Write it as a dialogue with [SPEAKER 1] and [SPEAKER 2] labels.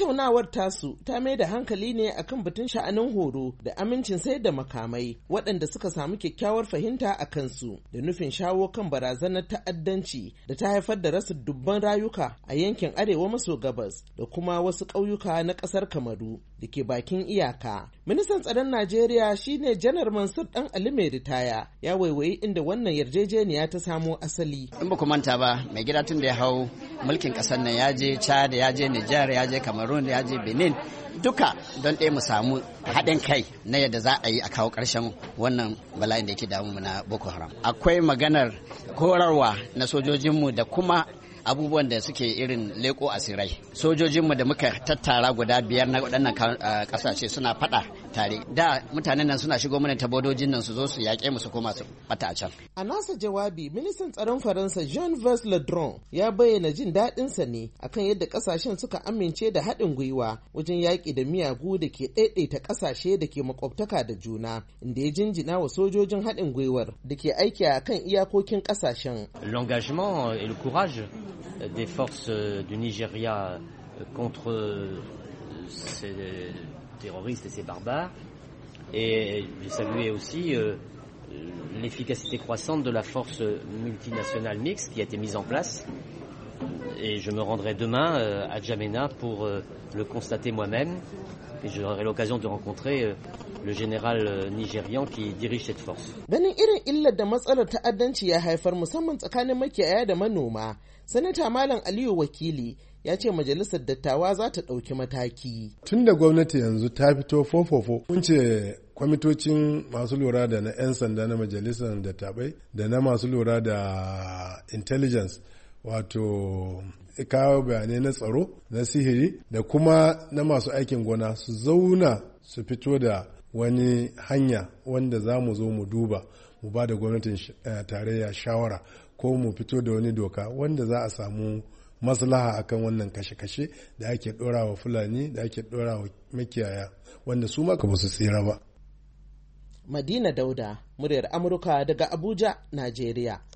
[SPEAKER 1] Tattaunawar tasu ta mai da hankali ne akan batun sha'anin horo da amincin sayar da makamai waɗanda suka samu kyakkyawar fahimta a kansu da nufin shawo kan barazanar ta'addanci da ta haifar da rasa dubban rayuka a yankin arewa maso gabas da kuma wasu ƙauyuka na ƙasar Kamaru da ke bakin iyaka. Ministan tsaron Najeriya shine Janar Mansur Dan Ali mai ritaya ya waiwayi inda wannan yarjejeniya ta samo asali. In ba manta ba mai gida tun da ya hau mulkin kasar nan ya je chad ya je niger
[SPEAKER 2] ya je cameroon ya je benin duka don ɗaya mu samu haɗin kai na yadda za a yi a kawo ƙarshen wannan bala'in da yake damu na boko haram akwai maganar horarwa na sojojinmu da kuma abubuwan da suke irin leko asirai sojojinmu da muka tattara guda biyar na waɗannan eh, ƙasashe suna faɗa tare da mutanen nan suna shigo mana ta nan su zo su yaƙe mu su koma su bata a can
[SPEAKER 1] a nasa jawabi ministan tsaron faransa jean Vers le dron ya bayyana jin daɗinsa ne akan yadda ƙasashen suka amince da haɗin gwiwa wajen yaƙi da miyagu da ke ɗaiɗaita ƙasashe da ke makwabtaka da juna inda ya jinjina wa sojojin haɗin gwiwar da ke aiki a kan iyakokin ƙasashen
[SPEAKER 3] l'engagement et le courage des forces du Nigeria contre ces terroristes et ces barbares. Et j'ai salué aussi euh, l'efficacité croissante de la force multinationale mixte qui a été mise en place et je me rendrai demain euh, à Djamena pour euh, le constater moi-même. Et j'aurai l'occasion de rencontrer euh, le général euh, nigérian qui dirige cette force.
[SPEAKER 1] Ganin irin illar da matsalar ta'addanci ya haifar musamman tsakanin makiyaya da manoma, Sanata Malam Aliyu Wakili ya ce majalisar dattawa za ta ɗauki mataki.
[SPEAKER 4] Tun da gwamnati yanzu ta fito fofofo, mun ce kwamitocin masu lura da na 'yan sanda na majalisar dattabai da na masu lura da intelligence wato kawo bayanai na tsaro na sihiri da kuma na masu aikin gona su zauna su fito da wani hanya wanda za mu zo mu duba mu ba da gwamnatin eh, tarayya shawara ko mu fito da wani doka wanda za a samu maslaha akan wannan kashe-kashe da ake ɗora wa fulani da ake ɗora wa makiyaya wanda su maka ba su tsira ba.
[SPEAKER 1] Madina Dauda, muryar Amurka daga Abuja, Najeriya.